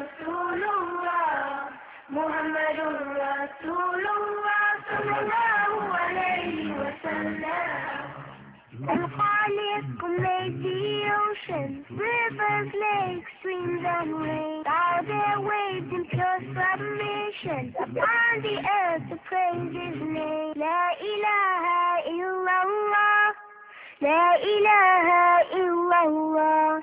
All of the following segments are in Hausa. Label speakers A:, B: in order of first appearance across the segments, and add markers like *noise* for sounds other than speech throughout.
A: And الله محمد رسول the oceans, rivers, lakes, streams, and rain. Bow their waves in pure submission. Upon the earth to praise His name. La ilaha illallah. La ilaha illallah.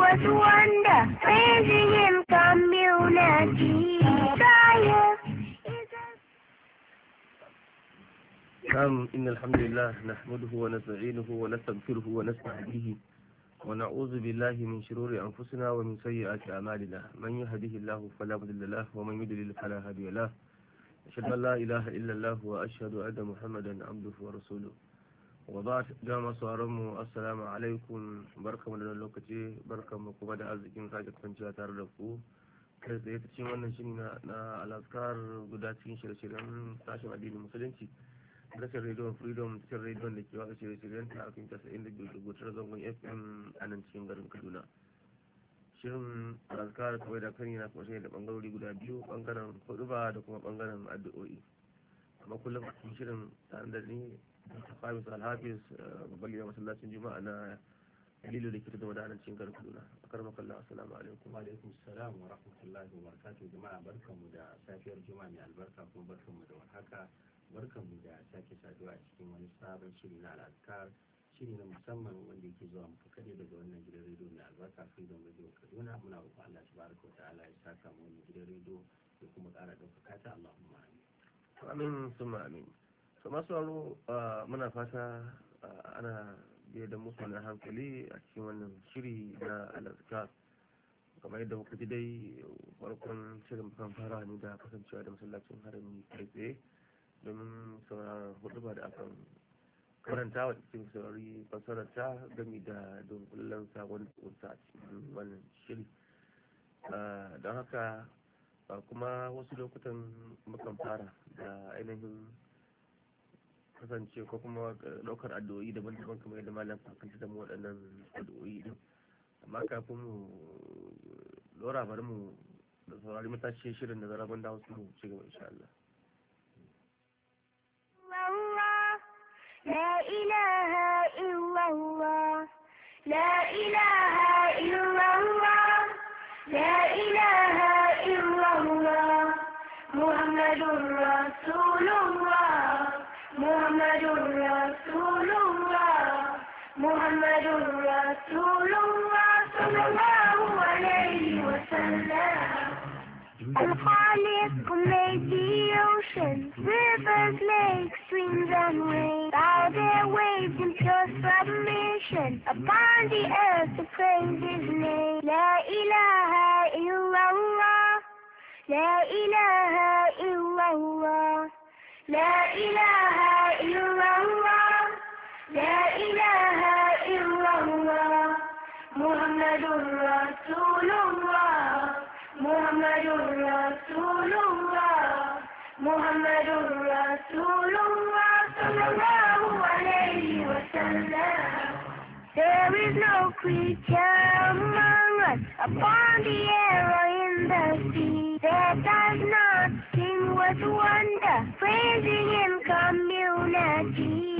A: was wonder, raising in community.
B: إن الحمد لله نحمده ونسعينه ونستغفره ونستهديه ونعوذ بالله من شرور أنفسنا ومن سيئات أعمالنا من يهده الله فلا مضل له ومن يضلل فلا هادي له أشهد أن لا إله إلا الله وأشهد أن محمدا عبده ورسوله wa ba da masu mu assalamu alaikum barkamu da lokaci barkamu kuma da arzikin sake kwanciya tare da ku kai tsaye ta cikin wannan shi na alaskar guda cikin shirye-shiryen sashen addinin musulunci tashar rediyon freedom tashar rediyon da ke watsa shirye-shiryen ta akan casa'in da biyu zangon fm a nan cikin garin kaduna shirin alaskar kawai da kan na kwashe da bangarori guda biyu bangaren huduba da kuma bangaren addu'o'i amma kullum a cikin shirin tare da ni Khamis Alhafiz uh, babban gidan masallacin Juma'a na Dalilu da ke tattama gari cikin garin Kaduna. Akar makalla assalamu alaikum. Wa alaikum salam wa rahmatullahi wa barakatuh jama'a barkanmu da safiyar Juma'a mai albarka kuma barkanmu da warhaka. Barkanmu da sake saduwa a cikin wani sabon shiri na al'adkar shiri na musamman wanda yake zuwa muku kaɗai daga wannan gidan rediyo mai albarka Freedom Radio Kaduna muna roƙon Allah tabaraka wa ta'ala ya saka mu wannan gidan rediyo da kuma ƙara ɗaukaka ta Allahumma amin. Amin amin. su masu aro muna fata ana biya da muku na hankali a cikin wannan shiri na alaska kamar yadda kuka ji dai farkon shirin kan fara ne da kasancewa da masallacin harami kai tsaye domin sauraron hudu ba da akan karanta wa cikin saurari fasararta gami da dunkulen sabon kunsa a cikin wannan shiri don haka kuma wasu lokutan mukan fara da ainihin kasance ko kuma eh, ɗaukar addu'o'i daban-daban kamar yadda malam kakanta da mu waɗannan addu'o'i din amma kafin mu lora bari mu da saurari matashi shirin da zaraban da wasu mu ci gaba insha Allah
A: لا إله إلا الله لا إله إلا الله لا إله إلا الله محمد رسول محمد رسول الله the ocean, rivers, lakes, streams, and rain. Bow their waves in pure submission upon the earth to praise His name. La ilaha illallah, La ilaha illallah, La ilaha There is no creature among us upon the air or in the sea that does not sing with wonder, praising in community.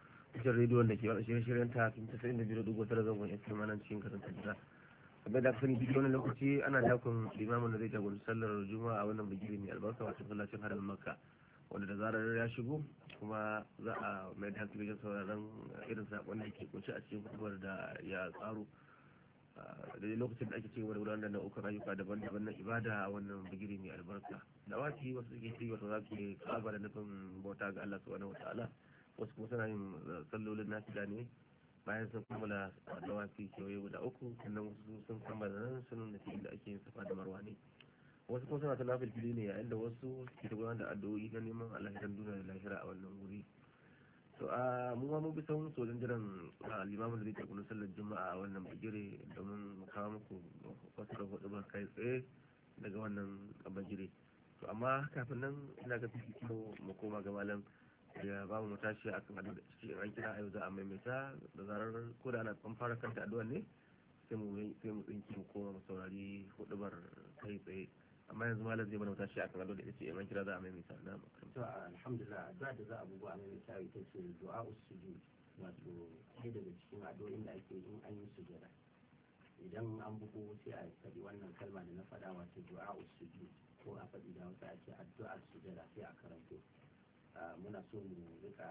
B: cikin rediyon da ke wani shirye-shiryen ta tun sai da biyu dubu tara zangon fm mana cikin garin kaduna kamar da sani biyu wani lokaci ana dakon limamin da zai jagoranci sallar juma'a a wannan bigire mai albarka wato sallacin harin makka wanda da zarar ya shigo kuma za a mai da hankali wajen sauraron irin sakon da ke kunshi a cikin kubar da ya tsaro daidai lokacin da ake ce wani gudanar da nau'ukan ayyuka daban-daban na ibada a wannan bigire mai albarka da wasu wasu suke ci wasu za su yi kaba da nufin bauta ga allah subhanahu wa ta'ala wasu kuma suna yin uh, sallolin nafila ne bayan sun kammala dawafi kewaye guda uku sannan wasu sun kammala nan sunan da da ake yin safa da marwa ne wasu kuma suna ta nafilfili ne yayin da wasu ke ta gudanar da addu'o'i na neman alhakin duniya da lahira a wannan wuri to a mu ma mu bi sahun sojan jiran limamin da zai ta sallar juma'a a wannan bagire domin mu kawo muku wasu hudu ba kai tsaye daga wannan bagire to amma kafin nan ina ga fi mu koma ga malam ya ba mu tashi a kan addu'a ciki an kira a yau za a maimaita da zarar ko da ana an fara kanta addu'a ne sai mu sai mu tsinki mu koma mu saurari hudubar kai tsaye amma yanzu malam zai mana tashi a kan addu'a da ce an kira za a maimaita na to alhamdulillah addu'a da za a bugu a maimaita ita ce du'a usujud wato kai daga cikin addu'o'in da ake yin an yi sujada idan an bugu sai a faɗi wannan kalma da na faɗa wato du'a usujud ko a faɗi da wata ake addu'a sujada sai a karanto muna so mu rika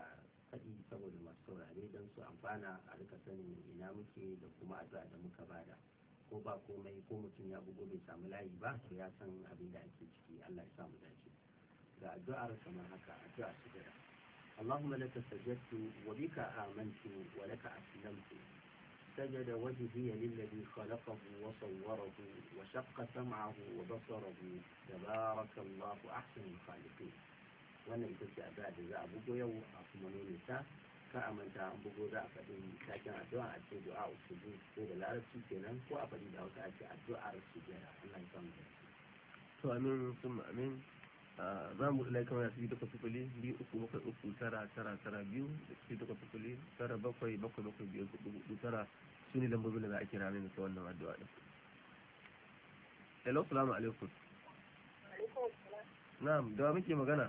B: faɗi saboda masu saurare don su amfana a rika sanin ina muke da kuma addu'a da muka bada ko ba komai ko mutum ya bugo bai samu layi ba to ya san abin da ake ciki Allah ya samu dace ga addu'ar kamar haka addu'a su gida اللهم لك سجدت وبك آمنت ولك أسلمت سجد وجهي للذي خلقه وصوره وشق سمعه وبصره تبارك الله أحسن الخالقين wannan ita ce addu'a da za a bugo yau a kuma nune ta kar a manta an bugo za a faɗi takin addu'a a cikin du'a a usudu ko da larabci kenan ko a faɗi da wata ake addu'a a ce addu'ar sujada Allah ya samu da to amin sun amin za mu ɗaya kamar yasu duka sufuli biyu uku bakwai uku tara tara tara biyu da su duka sufuli tara bakwai bakwai bakwai biyar uku uku tara su ne lambobin da za a kira mini ta wannan addu'a ɗin. Hello, salamu alaikum. Na'am, da wa muke magana?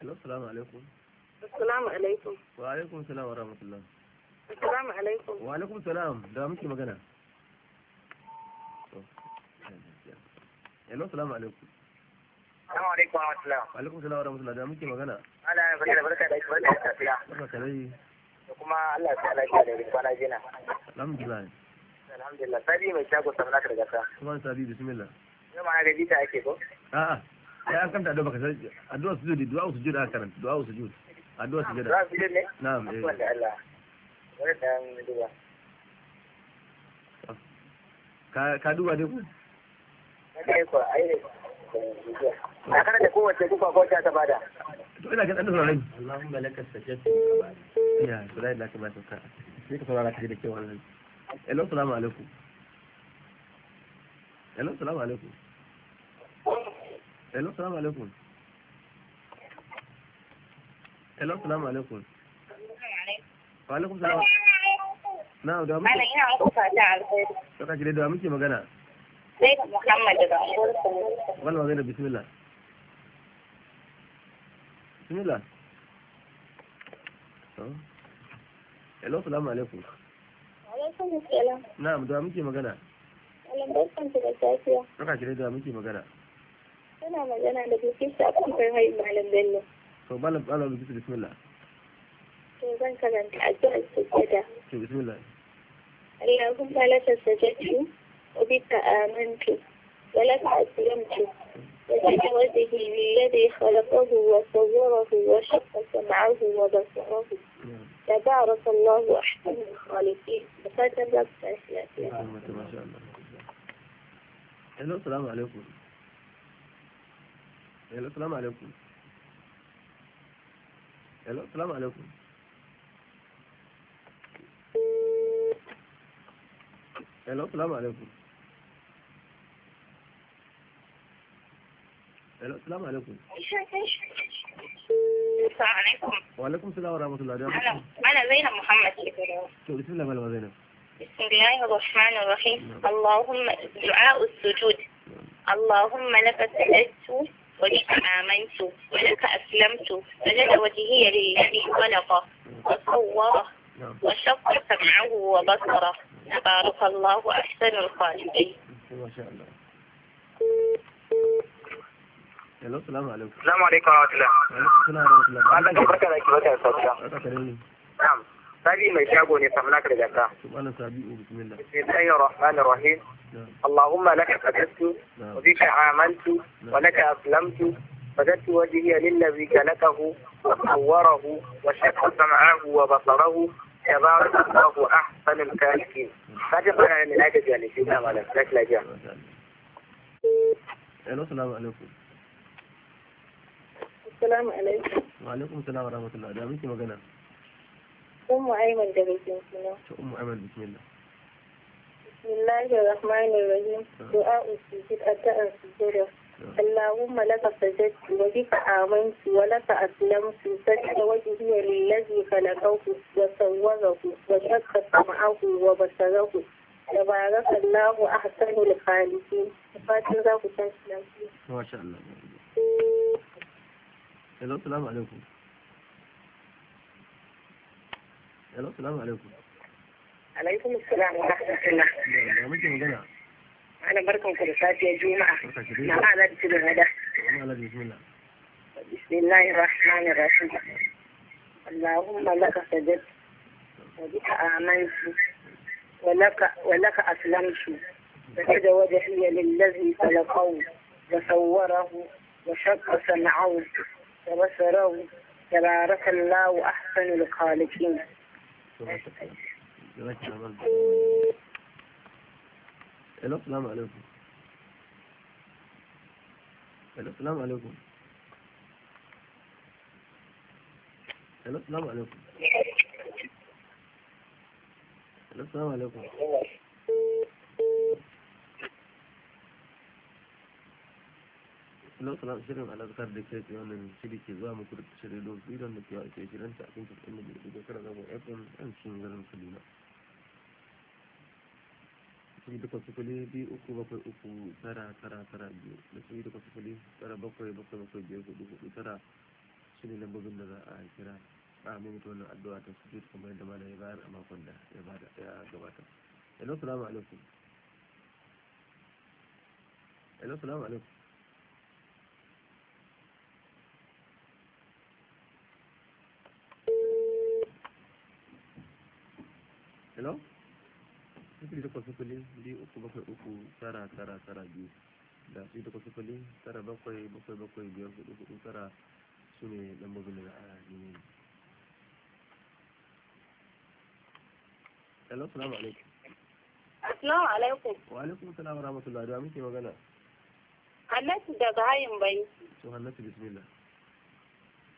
B: Hello, salamu alaikum.
C: Assalamu alaikum.
B: Wa alaikum salam wa rahmatullah.
C: Assalamu alaikum.
B: Wa alaikum salam, da muke magana. Hello, salamu alaikum.
C: Assalamu alaikum wa rahmatullah. Wa
B: alaikum salam wa rahmatullah, da muke magana.
C: Ala ya barka da barka da barka da Barka da rai. Kuma Allah ya lafiya da kwana jina. Alhamdulillah. Alhamdulillah, sabi mai shago sabna
B: ka Kuma sabi bismillah.
C: Yau ma ga jita ake ko?
B: A'a. sai an kanta addu'a baka san addu'a sujudi du'a sujudi aka karanta du'a sujudi addu'a sujudi na'am eh Allah
C: wannan du'a
B: ka ka duba dai ku
C: kai ko ai
B: na kana da kowace duka
C: ko ta ta bada
B: to ina ga dan sauraron Allahumma lakas sajadtu eh. ya sulai laka ba ta sai ka saurara ka da kyau wannan hello assalamu alaikum hello assalamu alaikum hello salamu alaikum hello salamu alaikum wa alaikum salamu na da muke ina muku fata alheri da muke magana
C: sai muhammad
B: wani magana bismillah bismillah hello salamu alaikum
C: alaikum salam
B: na da muke magana
C: da safiya
B: da muke magana
C: Kana magana da Profesa Kofar Hayi Malam Bello.
B: To Malam Bello Profesa Bismillah.
C: To zan karanta addu'ar sujjada. To Bismillah. Allahumma laka sajadtu wa bika amantu wa laka aslamtu وجهه بالذي خلقه وصوره وشق سمعه وبصره تبارك الله أحسن الخالقين وكتب تسلسلا.
B: السلام عليكم. الو السلام عليكم الو السلام عليكم الو السلام عليكم الو السلام عليكم
C: السلام عليكم
B: وعليكم السلام ورحمة الله وبركاته
C: أنا أنا زينب محمد
B: بسم الله مالو زينب
C: بسم الله الرحمن الرحيم اللهم دعاء السجود اللهم لك الأسود ولك آمنت ولك أسلمت فجد وجهي للذي خلقه وصوره نعم. وشق سمعه وبصره تبارك الله أحسن الخالقين.
B: ما شاء الله. ألو السلام عليكم السلام عليكم ورحمة الله وبركاته السلام عليكم ورحمة الله وبركاته
C: نعم سبي ما يشابه نسمناك لجزاه
B: سبحان سبي بسم الله بسم
C: الله الرحمن الرحيم
B: اللهم لك أجدت وبك عاملت ولك أسلمت فجدت وجهي للذي كلكه وصوره وشكه سمعه وبصره
C: تبارك الله أحسن الكالكين فجد أنا من أجد يعني في أمانك لك لجاه
B: السلام عليكم
C: السلام عليكم
B: وعليكم السلام ورحمة الله ده منتي مجنن ummu aiman
C: daga kinkina
B: to ummu aiman bismillah
C: bismillahir rahmanir rahim du'a usujud addu'a sujud اللهم لك سجدت وبك آمنت ولك أسلمت سجد وجهي للذي خلقه وصوره وشق سمعه وبصره تبارك الله أحسن الخالقين فاتن ذاك
B: ما شاء الله السلام عليكم السلام عليكم
C: عليكم السلام ورحمه
B: الله
C: انا بركم كل ساعه يا جمعه ما على بسم الله بسم الله الرحمن الرحيم اللهم لك سجدت وبك امنت ولك ولك اسلمت فكد وجهي للذي خلقه وصوره وشق سمعه وبصره تبارك الله احسن الخالقين
B: الو السلام عليكم الو السلام عليكم الو السلام عليكم الو السلام عليكم sunan sunan shirin da kai wannan shiri ke zuwa muku da shirin don da ke shirin ta da ke zama fm cikin garin sun duka sufuli biyu uku bakwai uku tara tara tara biyu da sun duka sufuli tara bakwai bakwai bakwai hudu hudu tara shi ne lambobin da za a kira a wannan addu'a ta kamar mana ya bayar a makon da ya bada ya gabata hello salamu alaikum hello salamu alaikum hello sifili takwas sifili biyu uku bakwai uku tara tara tara biyu da sifili takwas sifili tara bakwai bakwai bakwai biyar hudu hudu tara su ne lambobin da a nemi hello salamu alaikum
C: assalamu alaikum
B: wa alaikum salam wa rahmatullahi da muke magana
C: hannatu daga hayin banki
B: to hannatu bismillah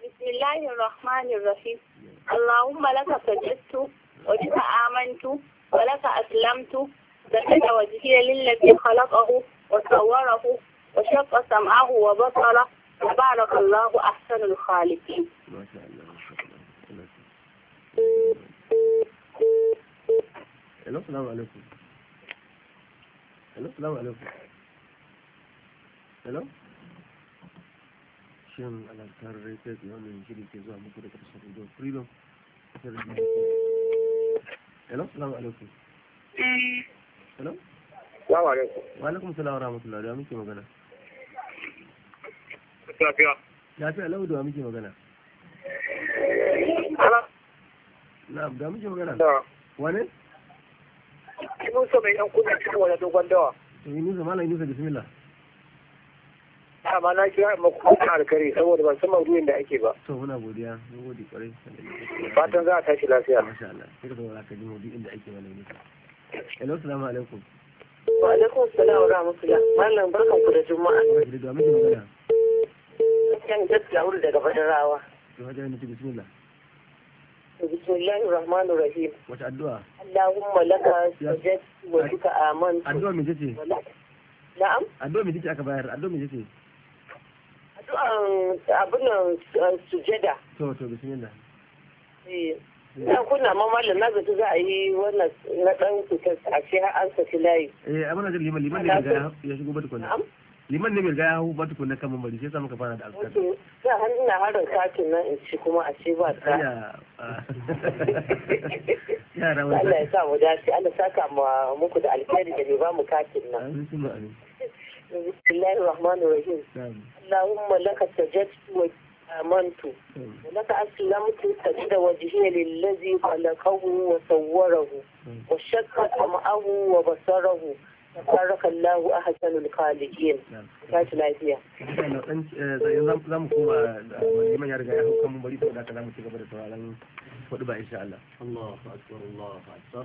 C: بسم الله الرحمن Allahumma اللهم لك وبك آمنت ولك أسلمت ذكرت وجهي للذي خلقه وصوره وشق سمعه وبصره تبارك الله أحسن الخالقين
B: الو السلام عليكم الو السلام عليكم الو شن على الكار ريتات يوم ينجلي كيزوها مكورة رسول الله فريدو hello salamu alaikum hello salamu alaikum wa alaikum salamu rahmatullahi da muke magana lafiya lafiya lau da muke magana na'am da muke magana wane
C: Inusa mai yan kuma cikin wajen dogon dawa.
B: Inusa malam Inusa amma na kira amma kuma ta saboda ban san maudu'in da ake ba to muna godiya mun gode kwarai fatan za a tashi lafiya masha Allah sai ka ka ji maudu'in da ake malami hello assalamu alaikum wa alaikum assalam
C: wa rahmatullah mallam barkan ku da juma'a
B: da muke magana
C: kan gaskiya wuri daga fadarawa
B: to hajjani mutu bismillah
C: بسم الله الرحمن الرحيم
B: اللهم لك سجدت وبك آمنت الدعاء من جتي نعم الدعاء من جتي أكبر الدعاء من جتي
C: addu'an abin eh, sujada
B: to bismillah
C: eh, Na kuna na zato za a yi wannan na ɗan fitar a ce har an saki layi.
B: Eh abin da liman liman ne ga ya shigo bata kunna. Liman ne ya kunna kan mambari sai sa muka fara da azkar.
C: Sai har ina harin katin nan in ci kuma a ce ba ta. Ah. *laughs* Yara Allah ya sa mu dace Allah saka muku da alkhairi da ne ba mu katin nan. Amin amin. بسم الله الرحمن الرحيم اللهم لك سجدت وآمنت ولك أسلمت سجد وجهي للذي خلقه وصوره وشكك معه وبصره تبارك الله أحسن الخالقين كاش لافيا
B: zamu koma liman ya riga ya hau kan bari saboda haka zamu ci gaba da sauraron hudu ba insha Allah Allahu akbar Allahu akbar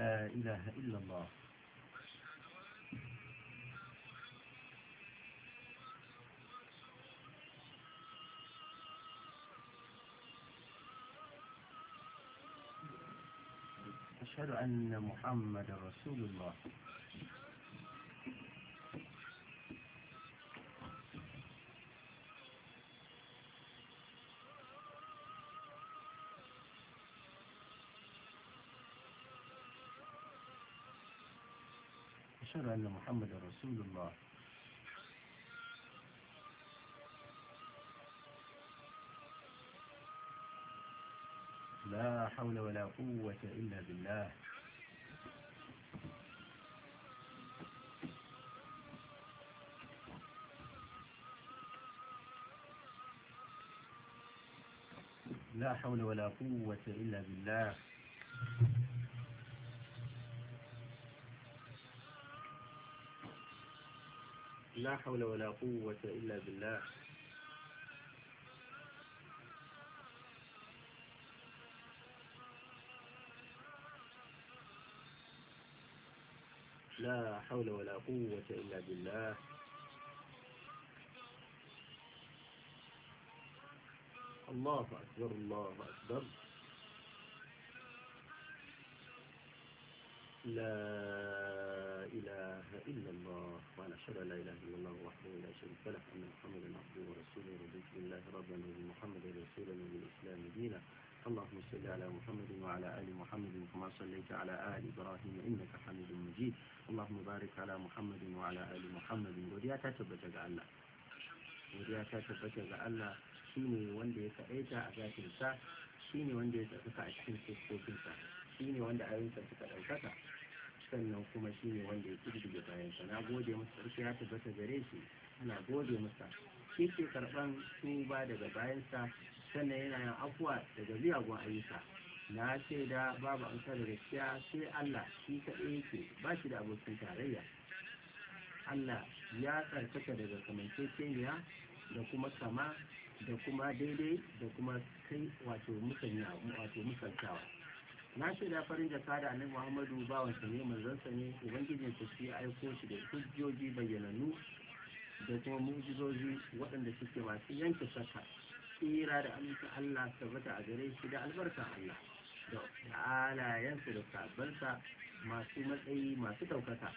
B: إله إلا الله أشهد أن محمد رسول الله أن محمد رسول الله لا حول ولا قوة إلا بالله لا حول ولا قوة إلا بالله لا حول ولا قوة إلا بالله لا حول ولا قوة إلا بالله الله أكبر الله أكبر لا أشهد أن لا إله إلا الله وحده لا شريك له أن محمدا عبده ورسوله رضيت بالله ربا وبمحمدا رسولا وبالإسلام دينا اللهم صل على محمد وعلى آل محمد كما صليت على آل إبراهيم إنك حميد مجيد اللهم بارك على محمد وعلى آل محمد وديا تتبتك على وديا تتبتك على shine wanda ya kaɗaita a zafinsa shine wanda ya tafi a cikin siffofinsa shine wanda ayyukansa suka ɗaukaka sannan kuma shi ne wanda ya kirkiga bayan sa na gode masa ƙarfi ya tabbata gare shi ana gode masa shi ke karɓan ba daga bayansa sannan yana yin afuwa daga miyagun ayyuka na da babu amsa da gaskiya sai Allah shi kaɗai yake ba shi da abokin tarayya Allah ya tsarkaka daga kamanceceniya da kuma kama da kuma daidai da kuma kai wato musantawa na shaida farin jaka da annabi muhammadu ba sa ne manzansa ne ubangijin su shi aiko shi da hujjoji bayyanannu da kuma mujizoji waɗanda suke masu yanke saka tsira da amincin Allah tabbata a gare shi da albarka Allah da alayensa da sabbansa masu matsayi masu ɗaukaka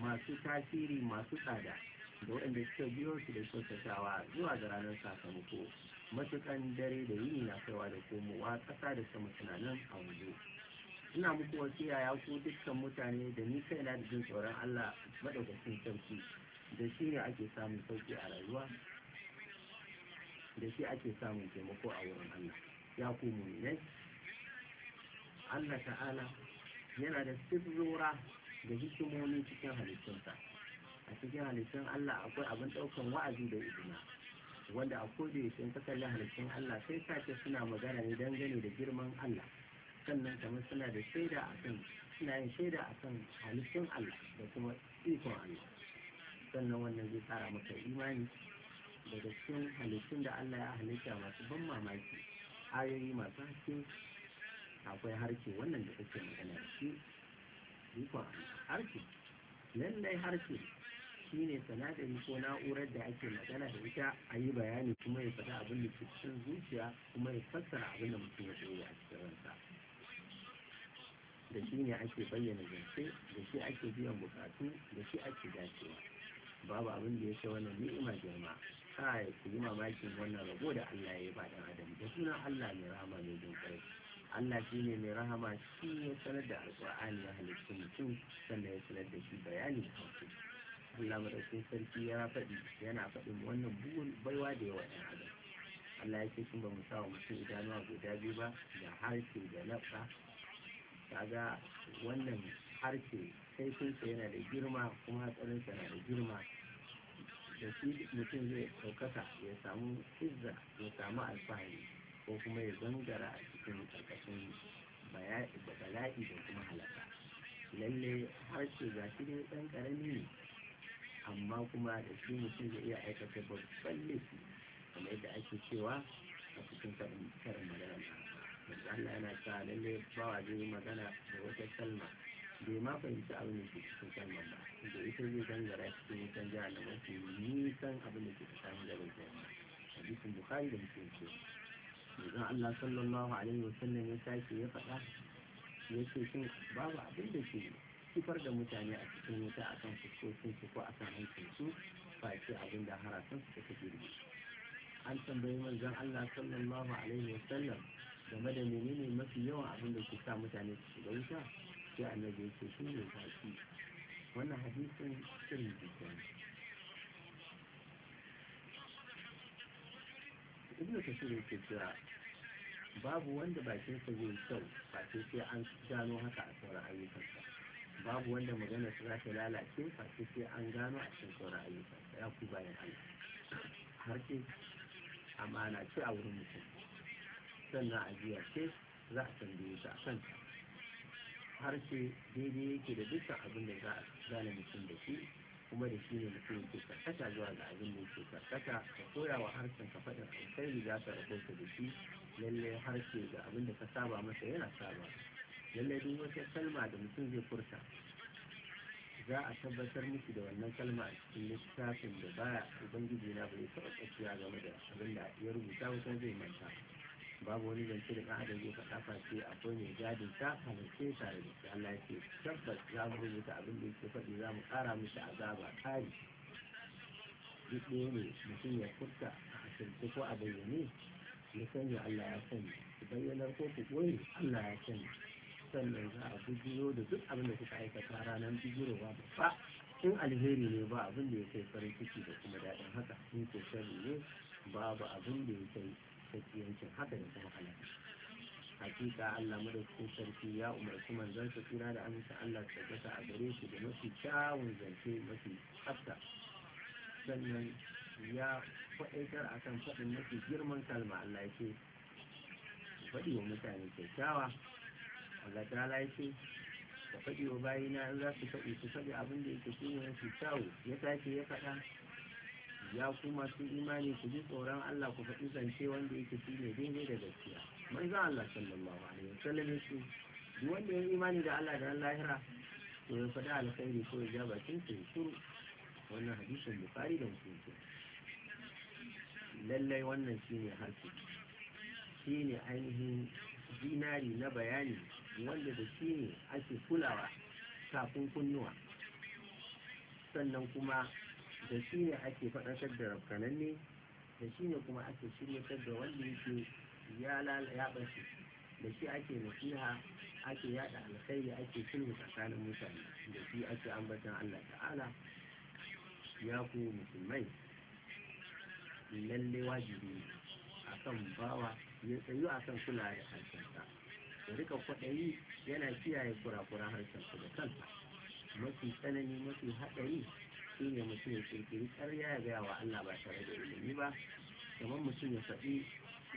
B: masu tasiri masu tsada da waɗanda suka biyo shi da kyautatawa zuwa ga ranar sakamako matukan dare da yini na kaiwa da komowa ƙasa da sama tunanin a waje ina muku wasiya ya ku dukkan mutane da ni kaina da jin tsoron Allah maɗaukacin sarki da shi ne ake samun sauki a rayuwa da shi ake samun taimako a wurin Allah ya ku mu'minai Allah ta'ala yana da sifzora da hikimomi cikin halittunsa a cikin halittun Allah akwai abin ɗaukan wa'azi da izina wanda a koda yake in ka halittun Allah sai sace suna magana ne dangane da girman Allah sannan kamar suna da shaida kan suna yin shaida kan halittun Allah da kuma ikon Allah sannan wannan zai tsara maka imani daga cikin halittun da Allah ya halitta masu ban mamaki ayoyi masu haske akwai harshe wannan da kake magana shi ikon harshe lallai harshe shine sanadari ko na'urar da ake magana da ita a yi bayani kuma ya faɗa abin da ke cikin zuciya kuma ya fassara abin da mutum ya tsaye a cikin ransa da shi ne ake bayyana zance da shi ake biyan bukatu da shi ake dacewa babu abin da ya ce wannan ni'ima girma kai ku yi mamakin wannan rago da Allah ya yi ba dan adam da sunan Allah mai rahama mai jin Allah shi ne mai rahama shi ya sanar da alƙur'ani ya halittu mutum sannan ya sanar da shi bayani da hausa Allah madaukin sarki ya faɗi yana faɗin wannan bugun baiwa da yawa ɗan adam Allah ya ce sun ba mu sa wa mutum idanuwa guda biyu ba da harshe da labba kaga wannan harshe sai sunsa yana da girma kuma hatsarinsa na da girma da shi mutum zai ɗaukaka ya samu izza ya samu alfahari ko kuma ya zangara a cikin ƙarƙashin bala'i da kuma halaka lalle harshe ga shi ne ɗan ƙarami ne amma kuma da shi mutum zai iya aikata babban laifi kamar yadda ake cewa a cikin karin magana manzo Allah yana ta lalle ba zai magana da wata kalma bai ma fahimci abin da ke cikin ba da ita zai gangara cikin wutan jihar da mafi nisan abin da ke tsakanin da bai hadisin bukari da mutum ce manzo Allah sallallahu alaihi wasallam ya sake ya faɗa ya yake shin babu abin da ke kifar da mutane a cikin wuta akan fuskokin su ko akan hankin su ba ce abin da harasan su ke girbe an tambayi manzon Allah sallallahu alaihi wa sallam game da menene mafi yawan abin da ke sa mutane su shiga wuta sai annabi ya ce shi ne zaki wannan hadisin sirri kenan ibnu kasir yake cewa babu wanda sa zai kyau ba sai an gano haka a sauran ayyukansa babu wanda magana su za ta lalace face sai an gano a cikin sauran ayyuka ya ku bayan Allah har ce amana ce a wurin mutum sannan ajiya ce za a tambaye ta a kanta har ce daidai yake da dukkan abin da za a gane mutum da shi kuma da shi ne mutum yake karkata zuwa ga abin da yake karkata ka koya wa harshen ka faɗin alkhairi za ka rahoto da shi lallai harshe ga abin da ka saba masa yana saba lallai duk wata kalma da mutum zai furta za a tabbatar miki da wannan kalma a cikin littafin da baya ubangiji na bai taɓa tsakiya game da abin da ya rubuta wata zai manta babu wani zance da ɗan adam zai faɗa face akwai mai gadin ta halarce tare da shi Allah yake tabbas za mu rubuta abin da yake faɗi za mu ƙara mishi azaba kari duk ɗaya ne mutum ya furta a asirce ko a bayyane ya sanya Allah ya sani bayyanar ko ku ɓoye Allah ya sanya. sannan za a bujiyo da duk abin da kuka aikata ranar bijirowa ba in alheri ne ba abin da ya kai farin ciki da kuma daɗin haka in ko sharri ne babu abin da ya kai sakiyancin haka da kuma halaka hakika Allah madaukakin sarki ya umarci manzon sa tsira da aminta Allah ta gasa a gare shi da mafi kyawun zance mafi tsafta sannan ya faɗaitar kan faɗin mafi girman kalma Allah ya ce faɗi wa mutane kyakkyawa Allah ta'ala ya ce ka faɗi wa bayina in za su faɗi su faɗi abin da yake shi ne mafi kyawu ya tashi ya faɗa ya ku masu imani ku ji tsoron Allah ku faɗi zance wanda yake shi ne daidai da gaskiya manzon Allah sallallahu alaihi wa sallam ya ce duk wanda ya imani da Allah da lahira to ya faɗi alkhairi ko ya ja ya shiru wannan hadisin bukari da musulunci lallai wannan shine harshe shine ainihin zinari na bayani wanda da shi ne ake kulawa kafin kunnuwa sannan kuma da shi ne ake faɗakar da rafkananne da shi ne kuma ake shirya da wanda yake ya lalace da shi ake nasiha ake yada alkhairi ake sulhu tsakanin mutane da shi ake ambatan Allah ta'ala ya ku musulmai lalle wajibi akan bawa ya tsayu akan kula da harshensa rika kwaɗayi yana kiyaye kura-kura harshen su da kansa mafi tsanani mafi haɗari shi ne mutum ya kirkiri ƙarya ya gaya wa Allah ba tare da ilimi ba kamar mutum ya faɗi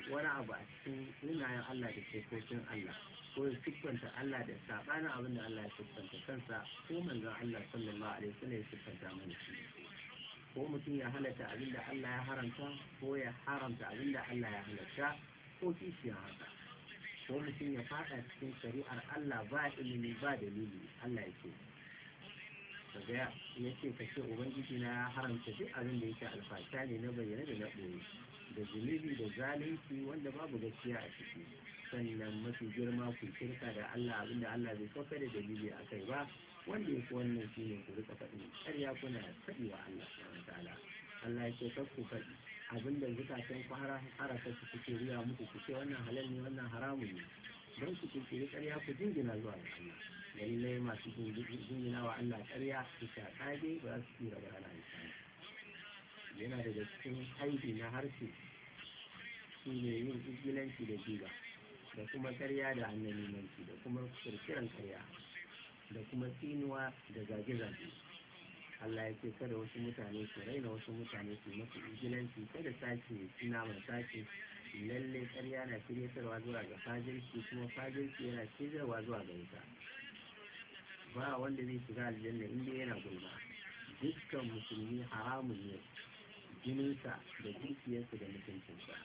B: wani abu a cikin sunayen Allah da kofin Allah ko ya siffanta Allah da saɓanin abin da Allah ya siffanta kansa ko manzon Allah sallallahu alaihi wasallam ya siffanta mana shi ko mutum ya halatta abin da Allah ya haramta ko ya haramta abin da Allah ya halatta ko kishiyar haka to mutum ya fada cikin shari'ar Allah ba ilimi ba dalili Allah ya ce kaga ya ce ka ce ubangiji na ya haramta duk abin da yake alfasha ne na bayyana da na ɓoye da zunubi da zalunci wanda babu gaskiya a ciki sannan mafi girma ku shirka da Allah abin da Allah bai sauka da dalili a kai ba wanda ya fi wannan shi ne ku rika faɗi, ƙarya kuna faɗi wa Allah subhanahu wa ta'ala Allah ya ce ku faɗi Abin zukatan ku harasa su suke riya muku ku ce wannan halal ne wannan haramun ne don su kirkiri karya ku jingina zuwa ga Allah lallai masu jingina wa Allah karya su sha kage ba za su ba ranar yana daga cikin haifi na harshe shi ne yin izgilanci da jiba da kuma karya da annabi da kuma kirkiran karya da kuma tsinuwa da zage-zage Allah ya ce kada wasu mutane su raina wasu mutane su masu igilanci kada sake suna mai sake lalle karya na shiryatarwa zuwa ga fajirki kuma fajirki yana shiryatarwa zuwa ga wuta ba wanda zai shiga aljanna inda yana gulma dukkan musulmi haramun ne jininsa da dukiyarsa da mutuncinsa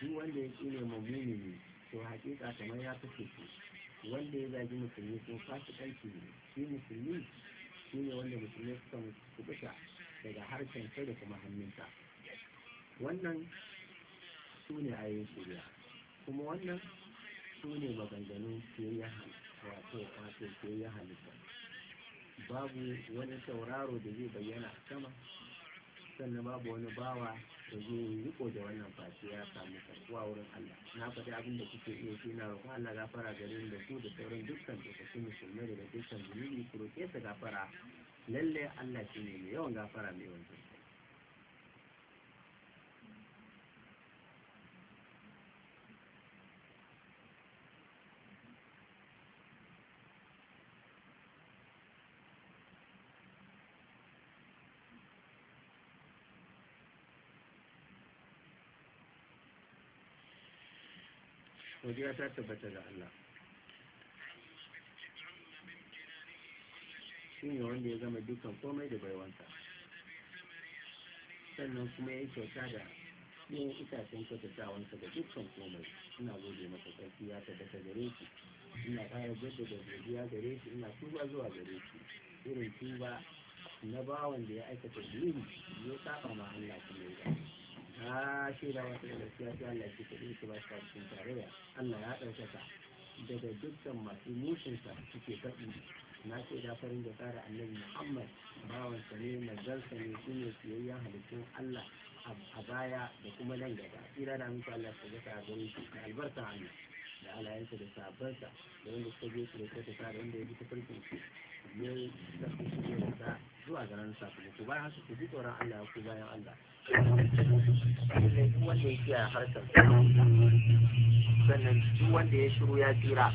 B: duk wanda ya tsine mummuni ne to hakika kamar ya kashe wanda ya zagi musulmi sun fasikanci ne shi musulmi shi ne wanda musulmi san kubuta daga harshen sai da kuma hannunta wannan su ne ayoyin kuma wannan su ne maganganun siyayya wato wato siyayya halitta babu wani tauraro da zai bayyana a sama sannan babu wani bawa da zai riko da wannan fashi ya samu karbuwa wurin Allah na faɗi abin da kuke iya shi na roƙon Allah gafara gare ni da su da sauran dukkan tsofaffi musulmai da dukkan zunubi ku roƙe su gafara lallai Allah shi ne mai yawan gafara mai wanzu godiya ta tabbata da Allah shi ne wanda ya zama dukkan komai da baiwanta, sannan kuma ya kyauta da kwata itacen kyautatawansa da dukkan komai ina gode masa sarki ya tabbata gare shi ina ƙara da godiya gare shi ina tuba zuwa gare shi irin tuba na bawan da ya aikata ne ya saba ma Allah kuma ya ta ah, ce da wata da siyasa Allah ke kuɗi su ba shi cikin tarayya Allah ya ɗaukaka daga dukkan masu mushinsa suke faɗi na ce da farin da tsara annabi Muhammad bawansa ne manzansa ne shi ne siyayyen halittun Allah a baya da kuma nan gaba ira da mutu Allah ta zaka gare shi da albarka Allah da alayansa da sabansa da wanda suka je su da ta da wanda ya bi ta farkin shi ya yi da su ne da zuwa ga ranar ko bayan haka ku ji tsoron Allah ko bayan Allah wanda ya kiyaye harkar sannan duk wanda ya shiru ya tsira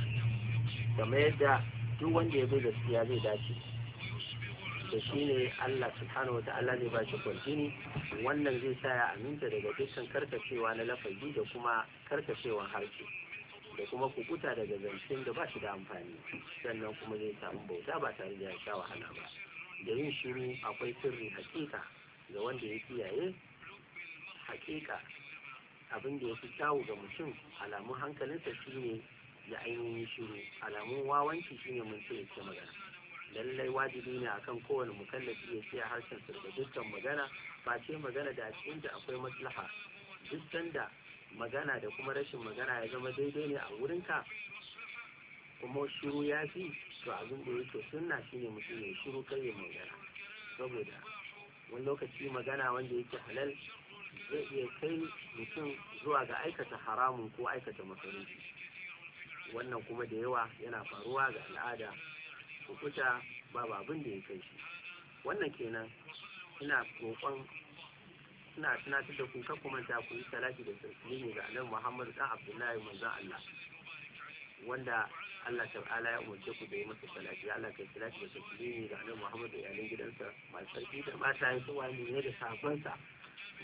B: kamar yadda duk wanda ya bi gaskiya zai dace da shi ne Allah subhanahu wa ta'ala zai ba shi kwantini wannan zai sa ya aminta daga dukkan karkacewa na lafazi da kuma karkacewan harshe da kuma kukuta daga zancen da ba shi da amfani sannan kuma zai samu bauta ba tare da ya sha wahala ba da yin shiru akwai sirri hakika ga wanda ya kiyaye hakika abin da ya fi kyawu ga mutum alamun hankalinsa shine ya ainihin shiru alamun wawanci shine mun ce yake magana lallai wajibi ne akan kowane mukallafi ya siya harshen sa dukkan magana ba ce magana da cikin da akwai maslaha duk sanda magana da kuma rashin magana ya zama daidai ne a wurinka kuma shiru ya fi to abin da yake sunna shine mutum ya shiru kai ya magana saboda wani lokaci magana wanda yake halal zai iya kai mutum zuwa ga aikata haramun ko aikata masarufi wannan kuma da yawa yana faruwa ga al'ada kukuta babu abin da ya kai shi wannan kenan ina roƙon suna tunatar da ku kan kuma ta ku yi salati da ne ga annabi Muhammadu dan Abdullahi manzon Allah wanda Allah ta'ala ya umarce ku da yi masa salati Allah kai salati da ne ga annabi Muhammadu da iyalin gidansa masu sarki da mata yin suwa ne da sabansa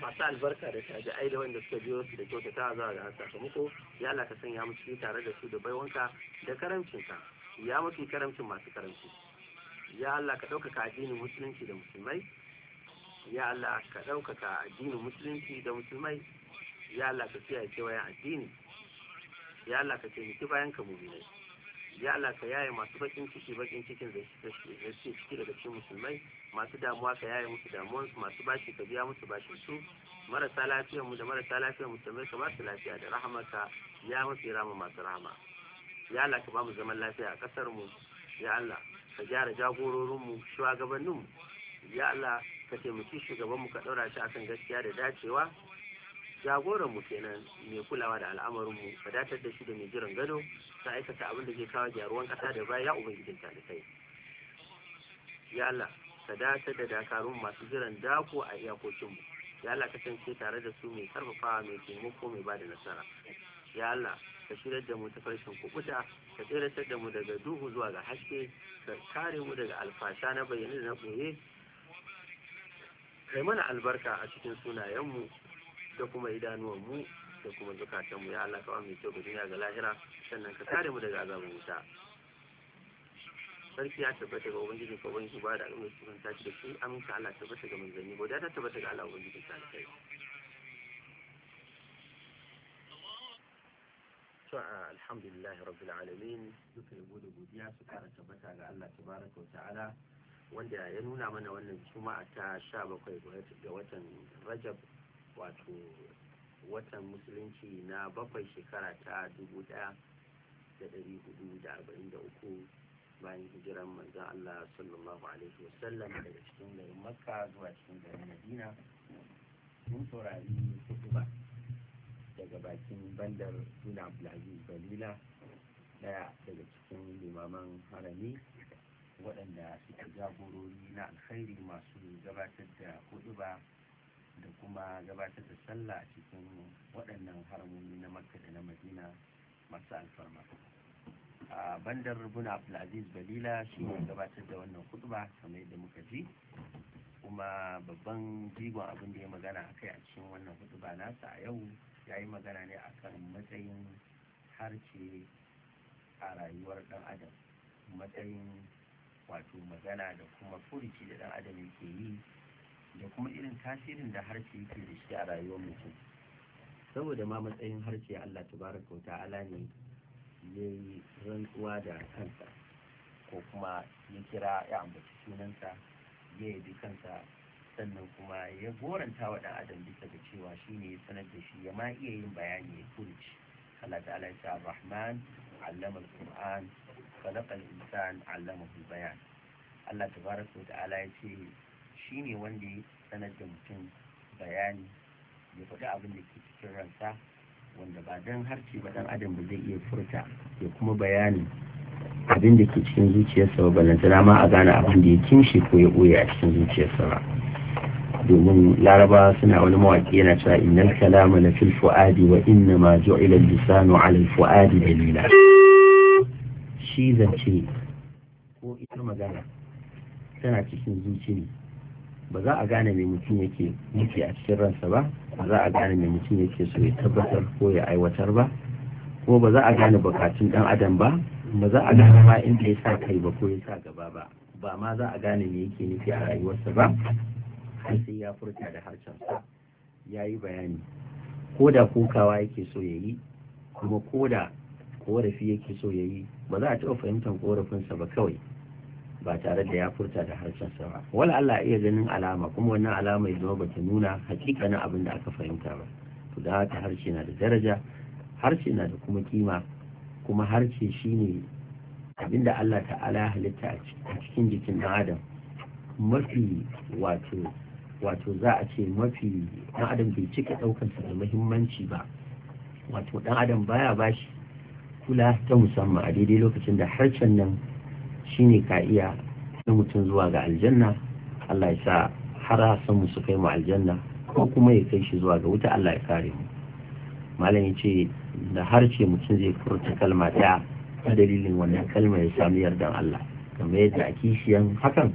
B: masu albarka da ai da wanda suka biyo su da kyautata za ga sakamako ya Allah ka sanya musu cikin tare da su da baiwanka da karamcinka ya mafi karamcin masu karamci ya Allah ka ɗaukaka addinin musulunci da musulmai ya Allah ka ɗaukaka addinin musulunci da musulmai ya Allah ka kiyaye kewayen addini ya Allah ka taimaki bayan ka muminai ya Allah ka yaye masu bakin ciki bakin cikin da suke ciki daga cikin musulmai masu damuwa ka yaye musu damuwan su masu bashi ka biya musu bashin su marasa lafiyar mu da marasa lafiyar musulmai ka basu lafiya da rahamarka ya mafi rama masu rahama ya Allah ka bamu zaman lafiya a kasar mu ya Allah ka gyara jagororin mu shugabannin mu ya Allah ka taimaki shugaban mu ka ɗora shi akan gaskiya da dacewa jagoran mu kenan mai kulawa da al'amarin mu ka datar da shi da mai jiran gado ka aikata abin da ke kawo gyaruwan ƙasa da baya ya ubangijin talibai ya Allah ka datar da dakarun masu jiran dako a iyakokin mu ya Allah kasance tare da su mai karfafawa mai taimako mai ba da nasara ya Allah ka shirar da mu ta farshen kubuta ka tseratar da mu daga duhu zuwa ga haske ka kare mu daga alfasha na bayyane da na ɓoye. kai mana albarka a cikin sunayenmu da kuma idanuwanmu da kuma zukatanmu ya Allah kawai mai kyau ga duniya ga lahira sannan ka kare mu daga azabin wuta sarki ya tabbata ga ubangiji ka ubangiji ba da al'ummar sun ta da shi aminta Allah tabbata ga manzanni godiya ta tabbata ga Allah ubangiji ta da kai alhamdulillah rabbil alamin duka godiya su kara tabbata ga Allah tabaraka wa ta'ala wanda ya nuna mana wannan juma'a ta sha bakwai ga watan rajab wato watan musulunci na bakwai shekara ta dubu daya da dari hudu da arba'in da uku bayan hijiran manzan Allah sallallahu alaihi wasallam daga cikin garin makka zuwa cikin garin madina mun saurari ba daga bakin bandar suna abdulaziz balila daya daga cikin limaman harami waɗanda suke jagorori na alkhairi masu gabatar da huɗuba da kuma gabatar da sallah a cikin waɗannan haramuni na makka da na madina masu alfarma a bandar rubuna abdulaziz balila shi ne gabatar da wannan huɗuba kamar yadda muka ji kuma babban jigon abin da ya magana a kai a cikin wannan huɗuba nasa a yau ya yi magana ne akan matsayin harce a rayuwar ɗan adam matsayin wato magana da kuma furuci da dan adam yake yi da kuma irin tasirin da harshe yake da shi a rayuwar mutum saboda ma matsayin harshe Allah tabaraka ta'ala ne ya yi rantsuwa da kansa ko kuma ya kira ya ambaci sunansa ya yi kansa sannan kuma ya goranta wa dan adam bisa ga cewa shine ya sanar da shi ya ma iya yin bayani ya furuci Allah ta'ala ya sa rahman allama al khalaqal insan allamahu bayan Allah tabaraka wa ta'ala ya ce shine wanda ya sanar da mutum bayani ya faɗi abin da ke cikin ransa wanda ba dan harci ba dan adam ba zai iya furta ya kuma bayani abin da ke cikin zuciyarsa ba balantana ma a gane abin da ya kimshi ko ya ɓoye a cikin zuciyarsa ba domin laraba suna wani mawaƙi yana cewa innal kalama na fil fu'adi wa inna ma ju'ila lisanu ala al fu'adi dalila shi zance ko ita magana tana cikin zuci ne ba za a gane mai mutum yake nufi a cikin ransa ba ba za a gane mai mutum yake so ya tabbatar ko ya aiwatar ba Ko ba za a gane bukatun dan adam ba ba za a gane ma inda ya sa kai ba ko ya sa gaba ba ba ma za a gane me yake nufi a rayuwarsa ba har sai ya furta da sa, ya yi bayani ko da kokawa yake so ya yi kuma ko da korafi yake so ya yi ba za a taɓa fahimtar korafinsa ba kawai ba tare da ya furta da harshensa ba wala Allah iya ganin alama kuma wannan alama ya zama bata nuna hakikanin abin da aka fahimta ba to da haka harshe na da daraja harshe na da kuma kima kuma harshe shine abinda Allah ta'ala ya halitta a cikin jikin ɗan adam mafi wato wato za a ce mafi ɗan adam bai cika ɗaukansa da muhimmanci ba wato ɗan adam baya bashi kula ta musamman a daidai lokacin da harshen nan shine ka iya na mutum zuwa ga aljanna Allah ya sa har san mu su kai mu aljanna ko kuma ya kai shi zuwa ga wuta Allah ya kare mu malam ya ce da harshe mutum zai furta kalma ta a dalilin wannan kalma ya samu yardan Allah kamar yadda a kishiyan hakan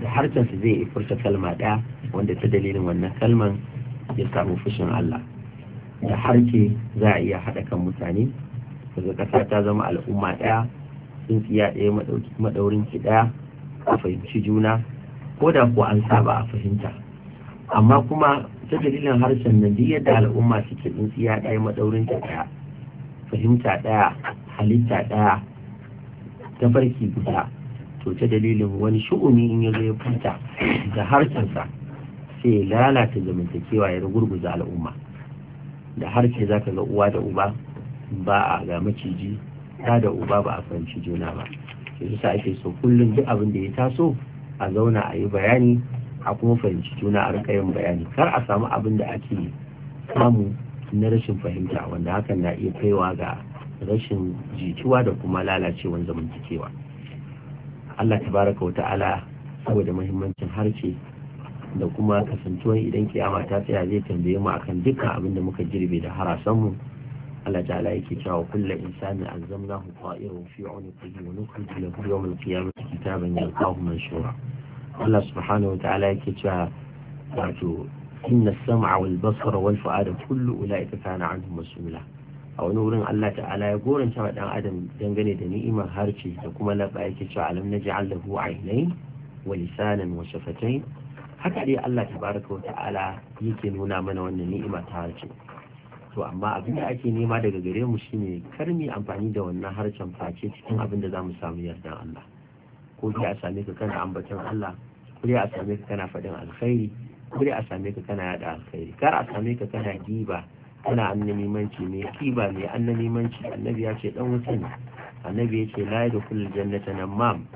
B: da harshen su zai furta kalma ɗaya wanda ta dalilin wannan kalman ya samu fushin Allah da harshe za a iya haɗa kan mutane daga ƙasa ta zama al'umma ɗaya tsintsiya ɗaya maɗaurin ki ɗaya a fahimci juna ko da ko an saba a fahimta amma kuma ta dalilin harshen nan duk yadda al'umma suke tsintsiya ɗaya maɗaurin ki ɗaya fahimta ɗaya halitta ɗaya tafarki guda to ta dalilin wani shu'umi in ya zo ya fita da harshensa sai ya lalata zamantakewa ya gurguza al'umma da harshe za ka ga uwa da uba ba a ga maciji ta da uba ba a fahimci juna ba yanzu sa ake so kullum duk abin da ya taso a zauna a yi bayani a kuma fahimci juna a rika yin bayani kar a samu abin da ake samu na rashin fahimta wanda hakan na iya kaiwa ga rashin jituwa da kuma lalacewan zamantakewa Allah tabaraka wa ta'ala saboda muhimmancin harshe da kuma kasancewa idan kiyama ta tsaya zai tambaye mu akan dukkan abin da muka girbe da harasanmu Allah ta'ala yake cewa kullu insani alzamnahu ta'irun fi 'unuqihi wa nukhrij lahu yawm al-qiyamati kitaban yalqahu manshura Allah subhanahu wa ta'ala yake cewa wato inna as-sam'a wal basara wal fu'ada kullu ulaika kana 'anhu mas'ula a wani wurin Allah ta'ala ya goranta wa dan adam dangane da ni'imar harci da kuma laba yake cewa alam naj'al lahu 'aynayn wa lisanan wa shafatayn haka dai Allah tabaraka wa ta'ala yake nuna mana wannan ni'ima ta harci to amma abin da ake nema daga gare mu shine kar mu amfani da wannan harshen face cikin abin da za mu samu yardan Allah ko dai a same ka kana ambaton Allah ko dai a same ka kana faɗin alkhairi ko dai a same ka kana yada alkhairi kar a same ka kana giba kana annamimanci ne kiba ne annamimanci annabi ya ce dan wuta ne annabi ya ce la yadkhulul jannata namam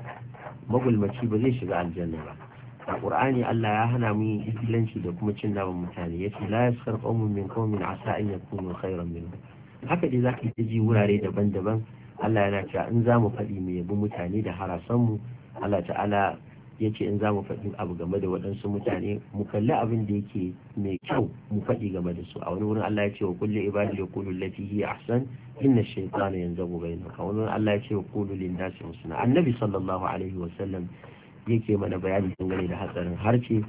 B: magulmaci ba zai shiga aljanna ba a ƙur'ani Allah ya hana mu yin ikilanci da kuma cin naman mutane ya ce la yaskar qaumun min qaumin asa an yakunu khairan minhum haka dai zaka ta ji wurare daban-daban Allah yana cewa in za mu faɗi mu yabi mutane da harasan mu Allah ta'ala ya ce in za mu faɗi abu game da waɗansu mutane mu kalli abin da yake mai kyau mu faɗi game da su a wani wurin Allah ya ce wa kulli ibadi ya qulu allati hi ahsan inna ash-shaytana yanzabu bainaka a wani wurin Allah ya ce wa qulu lin-nasi husna annabi sallallahu alaihi wa sallam yake mana bayani dangane da hatsarin harce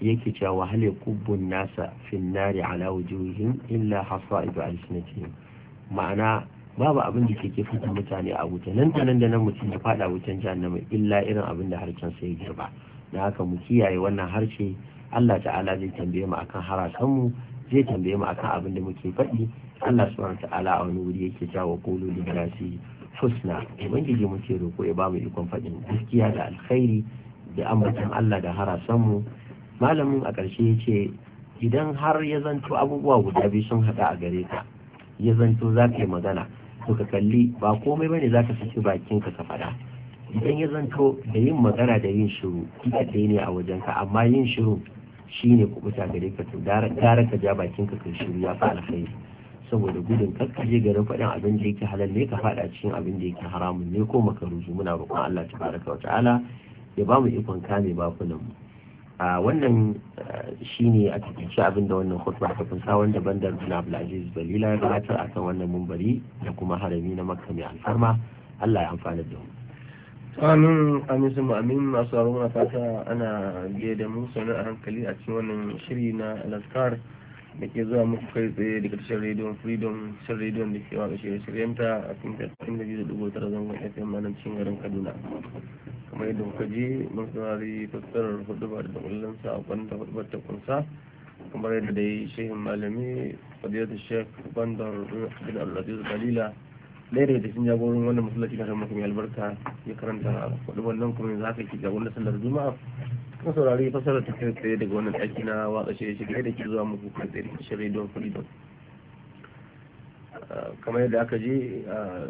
B: yake cewa wahale kubbun nasa finnari ala wujuhihim illa hasaibu alsinatihim ma'ana babu abin da ke kifin mutane a wuta nan da nan da nan mutum ya fada wutan jahannama illa irin abin da harcen sai ya girba da haka mu kiyaye wannan harshe Allah ta'ala zai tambaye mu akan harakan mu zai tambaye mu akan abin da muke faɗi Allah subhanahu ta'ala a wani wuri yake cewa qulu lil nasi husna ubangiji muke roko ya ba mu ikon faɗin gaskiya da alkhairi da ambatan Allah da mu malamin a ƙarshe ya ce idan har ya zanto abubuwa guda biyu sun haɗa a gare ka ya zanto za ka yi magana to ka kalli ba komai bane za ka saki bakin ka ka faɗa idan ya zanto da yin magana da yin shiru kika ɗaya ne a wajen ka amma yin shiru shine kubuta gare ka to gara ka ja bakin ka kai shiru ya fa alkhairi saboda gudun je garin faɗin abin da yake halal ne ka faɗa cikin abin da yake haramun ne ko makaruzu muna roƙon Allah tabaraka wa ta'ala ya ba mu ikon kame bakunan mu a wannan eh, shine a cikin abin da wannan khutba ta kunsa wanda bandar bin Abdulaziz Balila ya gabatar kan wannan mumbari da kuma harami na Makka mai alfarma Allah ya amfana da mu amin amin sun amin masu na fata ana biye da mu sannan a hankali a cikin wannan shiri na alaskar da ke zuwa muku kai tsaye daga tashar rediyon freedom tashar rediyon da ke wata shirye-shiryen ta a cikin tattalin da biyu dubu tara zangon fm a nan cikin garin kaduna kamar yadda kuka ji mun saurari fassarar ba da kullum sa a kwanta ba ta kunsa kamar yadda dai shehin malami da shek bandar bin abdulaziz dalila ɗaya daga cikin jagorin wannan masallaci na kan mutum albarka ya karanta ba nan kuma yanzu haka ke jagorin sallar juma'a masaurari fasara ta kai tsaye daga wannan ɗaki na watsa shi shirye da ke zuwa muku kai tsaye da shirye don freedom ah, kamar yadda aka ji ah,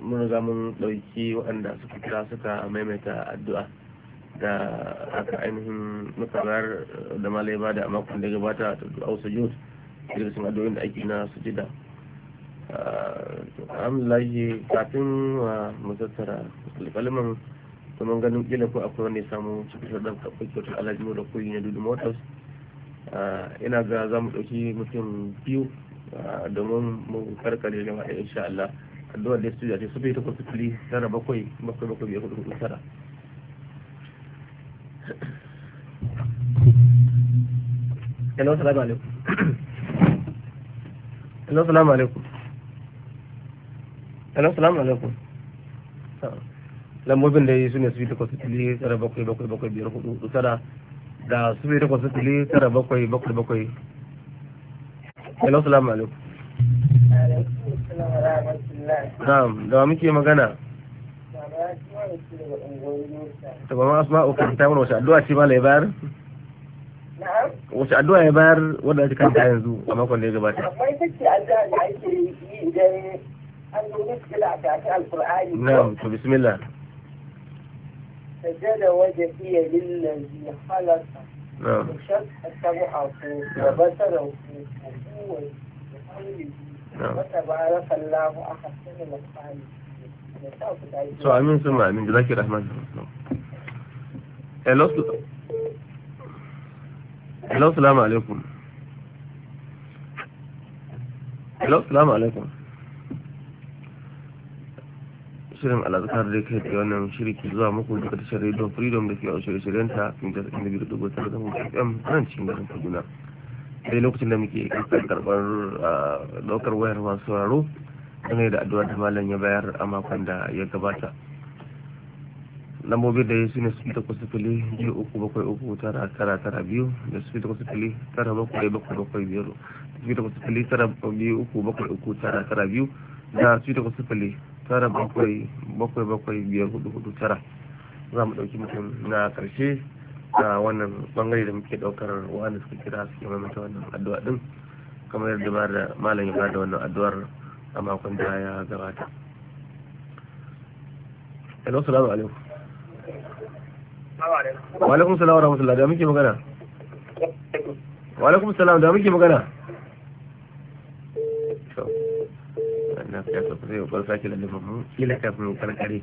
B: mun riga mun ɗauki waɗanda suka kira suka maimaita addu'a da aka ainihin muka ah, da malai ba da makon da gabata ta du'a wasu jut daga sun addu'o'in da ake na sujida alhamdulillah kafin mu tattara kalman to mun ganin kila ko akwai wanda ya samu cikin dan kafin kyautar alhaji da koyi na dudu motors ina ga za mu ɗauki mutum biyu domin mu karkare gaba ɗaya insha Allah addu'a da su ce sufai takwas sufuri tara bakwai bakwai bakwai biyar hudu hudu tara Hello, salamu alaikum. Hello, salamu alaikum. Hello, salamu alaikum. lambobin da yi su ne su kwasu tili tara bakwai bakwai bakwai biyar hudu su tara da su kwasu tili tara bakwai bakwai bakwai hello salamu alaikum na'am da wa muke magana ta ba ma asma'u kan ta mana wasu addu'a ce ma bayar Wasu addu'a ya bayar wanda ake kanta yanzu a makon da ya gabata
C: akwai take addu'a da ake yi idan an domin su kila a tafi alkur'ani na'am to bismillah فجل وجهي للذي خلق نعم. وشق سمعه وبصره نعم. وقوته وتبارك الله أحسن الخالق So I mean, so
B: جزاك الرحمن. Hello, hello, السلام عليكم. الو السلام عليكم shirin al'azkar da kai da wannan shiri ke zuwa muku daga tashar radio freedom da ke a shirin shirin ta inda inda biyu dubu tara da mutum fm nan cikin garin kaduna sai lokacin da muke karɓar lokar wayar masu sauraro dangane da addu'a da malam ya bayar a makon da ya gabata lambobi da ya su ne su fita kusa fili biyu uku bakwai uku tara tara tara biyu da su fita kusa fili tara bakwai bakwai bakwai biyar su fita kusa fili tara biyu uku bakwai uku tara tara biyu da su fita kusa fili tara bakwai bakwai bakwai biyar hudu hudu tara za mu ɗauki mutum na ƙarshe a wannan bangare da muke ɗaukar wa'anda suka kira suke mamata wannan addu'a ɗin kamar yadda ba da malam ya ba da wannan addu'ar a makon da ya gabata. Hello, salamu alaikum. Wa alaikum salam wa rahmatullah da muke magana. Wa alaikum salam da muke magana. ya tafi zai kwar da nufafin kila kafin karkare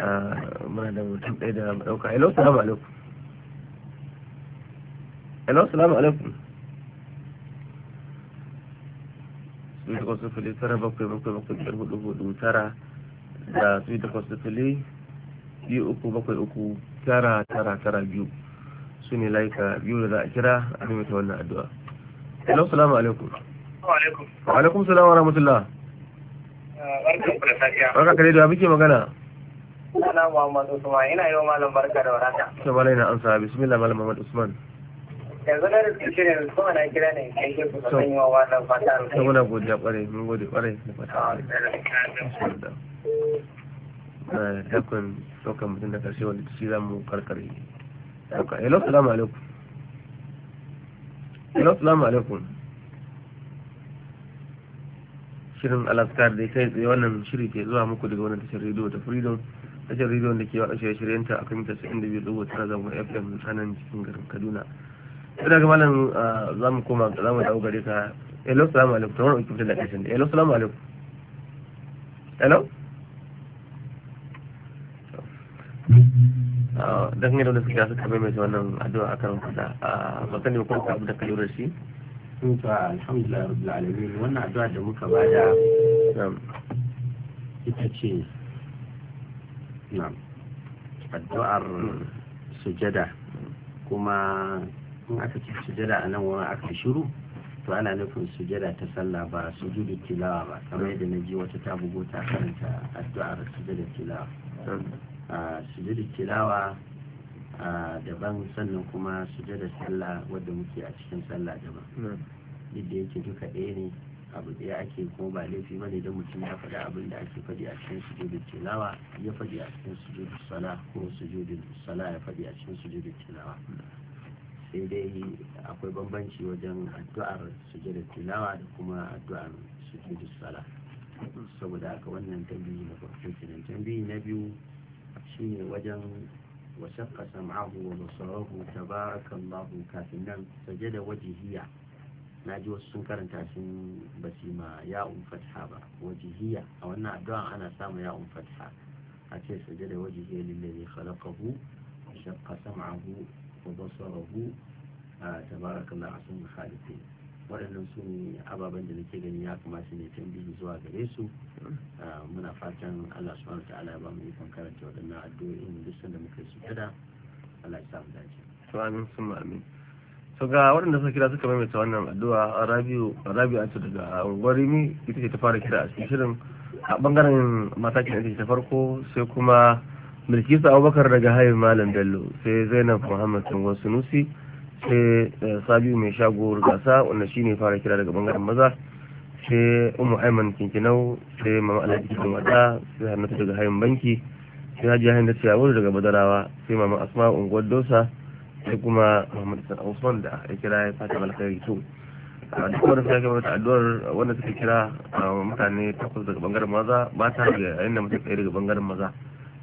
B: ah, muna da mutum ɗaya da ɗauka hello salamu alaikum hello salamu alaikum sun tara bakwai bakwai bakwai biyar hudu hudu tara da sun takwas Fili biyu uku bakwai uku tara tara tara biyu su ne laika biyu da za a kira a nemi ta wannan addu'a hello salamu alaikum wa alaikum salam wa rahmatullah Barka kare da muke magana. Ana Muhammad Usman ina yau malam barka da waraka. Ta malai na amsa bismillah malam Muhammad Usman.
C: Yanzu na rufin shirin kuma na kira ne kai ke kusa san wa wannan fata. Ta muna
B: a kwarai mun gode kwarai da
C: fata.
B: Na dakon sokan mutum da karshe wanda shi za mu karkare. Hello, salamu alaikum. Hello, salamu alaikum. shirin alaskar da kai tsaye wannan shiri ke zuwa muku daga wannan tashar rediyo ta freedom tashar rediyo da ke wada shirye ta a kan mita 92.9 zangon fm a nan cikin garin kaduna ina ga malam ah, za mu koma za mu dawo gare ka hello salamu alaikum tamar uki fitar da kashin hello salamu alaikum hello ah, dan gina da suka suka mai mai wannan addu'a akan kusa a matsayin ah, kuma abu da kalurar shi to alhamdulillah rabbil alamin wannan addu'a da muka bada ita ce na'am addu'ar sujada kuma in aka ce sujada a nan wani aka shiru to ana nufin sujada ta sallah ba sujudu tilawa ba kamar yadda na ji wata ta bugu ta karanta addu'ar sujada tilawa sujudu tilawa daban sannan kuma da sallah wadda muke a cikin sallah daban duk da yake duka ɗaya ne abu ɗaya ake kuma ba laifi ne don mutum ya faɗi abin da ake faɗi a cikin sujudin tilawa ya faɗi a cikin sujudin sala ko sujudin sala ya faɗi a cikin sujudin tilawa sai dai akwai bambanci wajen addu'ar jirgin tilawa da kuma addu'ar sujudin sala saboda haka wannan tambayi na farko kenan tambayi na biyu shine wajen وشق سمعه وبصره تبارك الله كافنا سجد وجهية ناجي والسنكر تاسين بسيما ياء فتحة وجهية أو أن أدعى أنا سام ياء فتحة أتي سجد وجهية للذي خلقه وشق سمعه وبصره تبارك الله عصم الخالقين waɗannan su ne ababen da nake gani ya kamata ne tambayi zuwa gare su Ah, muna fatan Allah subhanahu wa ta'ala ya ba mu kan karanta waɗannan addu'o'in duk sanda muka yi kada Allah ya samu mu dace to amin sun amin to ga waɗanda suka kira suka maimaita wannan addu'a Rabiu Rabiu Atu daga Rimi ita ce ta fara kira a cikin shirin a bangaren matakin ita ce ta farko sai kuma Bilkisu Abubakar daga Hayi Malam Bello sai Zainab Muhammad tungo Sunusi sai eh, Sabiu mai shago gasa wanda shine fara kira daga bangaren maza sai umu aiman kinkinau sai mama alhaji cikin wata sai hannatu daga hayin banki sai hajji hayin da ciyawar daga badarawa sai mama asma unguwar dosa sai kuma muhammad san usman da ya kira ya fata malakari to a duk wani sai kamar addu'ar wanda suka kira mutane takwas daga bangaren maza ba ta daga yayin da mutum tsaye daga bangaren maza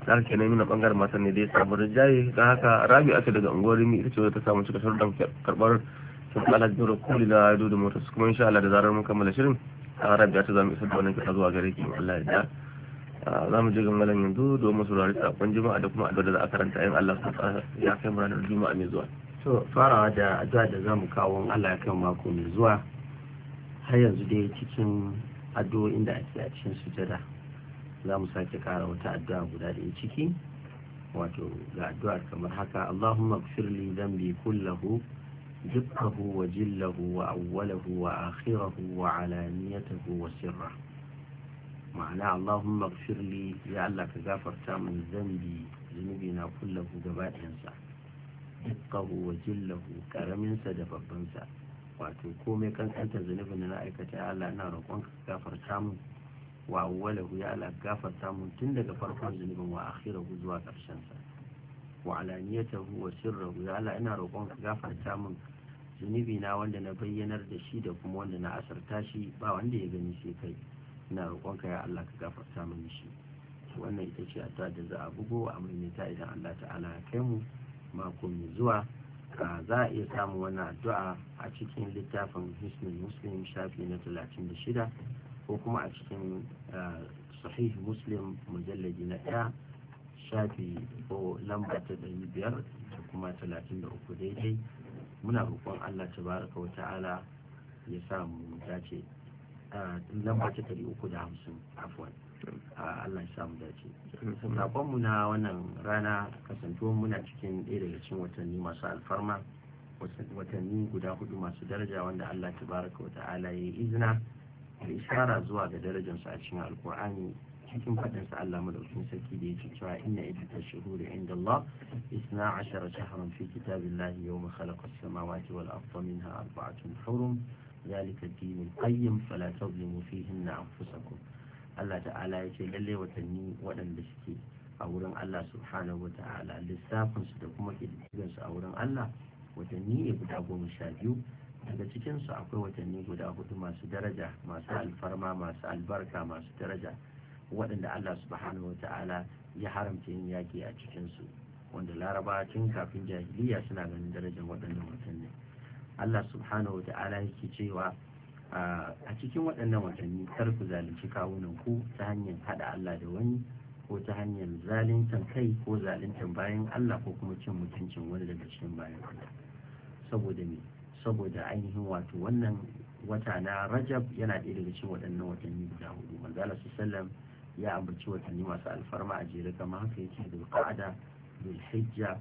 B: da aka kenan nuna bangaren matan ne dai samu rijaye da haka rabi aka daga unguwar rimi ita ce wadda ta samu cika sharuɗan karɓar sun kala jura kuli da yado da motar su kuma insha Allah da zarar mun kammala shirin a ya ta zamu isar da wannan kasa zuwa gare ki Allah ya da za mu je ga malam yanzu domin saurari sakon juma'a da kuma addu'a da za a karanta yin Allah ya kai mu ranar juma'a mai zuwa to farawa da addu'a da zamu kawo Allah ya kai mako mai zuwa har yanzu dai cikin addu'o'in da ake a cikin sujada za mu sake kara wata addu'a guda da ciki wato ga addu'ar kamar haka Allahumma ighfir dhanbi kullahu دقه وجله وأوله وآخره وعلانيته وسره ma'ana Allahumma gfirli ya Allah ka gafarta zambi zunubi na kullahu gaba ɗayansa dukkahu wa jillahu karaminsa da babbansa wato komai kankanta zunubin da na aikata Allah na roƙon ka gafarta wa awwalahu ya Allah gafarta min tun daga farkon zunubin wa akhirahu zuwa ƙarshen sa wa alaniyatahu wa sirrahu ya Allah ina roƙon ka gafarta min zunubi na wanda na bayyanar da shi da kuma wanda na asarta shi ba wanda ya gani sai kai ina roƙon ka ya Allah ka gafarta min shi wannan ita ce addu'a da za a bugo a maimaita idan Allah ta'ala ya kai mu mako mai zuwa ka za a iya samun wannan addu'a a cikin littafin hisnul muslim shafi na 36 ko kuma a cikin eh, sahih muslim mujalladi na ɗaya shafi ko lamba ta ɗari biyar da kuma talatin da uku daidai muna roƙon allah ta baraka wata ala ya sa mu dace lamba ta ɗari uku da hamsin afuwan allah ya sa mu dace sakonmu na wannan rana kasantuwan muna cikin ɗaya daga cikin watanni masu alfarma watanni guda hudu masu daraja wanda allah ta tabaraka wata ala ya yi izina da ishara zuwa ga darajarsa a cikin alkur'ani cikin fadin sa Allah madaukakin sarki da yake cewa inna ta shuhuri inda Allah isna ashara shahran fi kitabillahi yau khalaqa as-samawati wal arda minha arba'atun hurum ذلك الدين القيم فلا hinna فيهن أنفسكم Allah ta'ala ya ce lalle watanni waɗanda suke a wurin Allah subhanahu wata'ala lissafinsu da kuma ƙididdigansu a wurin Allah watanni ne guda goma sha biyu daga cikinsu akwai watanni guda hudu masu daraja masu alfarma masu albarka masu daraja waɗanda Allah subhanahu wa ta'ala ya haramta yin yaƙi a cikinsu wanda laraba tun kafin jahiliya suna ganin darajar waɗannan watanni Allah subhanahu wa ta'ala yake cewa a cikin waɗannan watanni kar ku zalunci kawunan ku ta hanyar haɗa Allah da wani ko ta hanyar zaluntan kai ko zaluntan bayan Allah ko kuma cin mutuncin wani daga cikin bayan Allah saboda me saboda ainihin wato wannan wata na Rajab yana ɗaya daga cikin waɗannan watanni guda hudu manzo Allah ya ambaci watanni masu alfarma a jere kama haka yake da ka'ada da hijja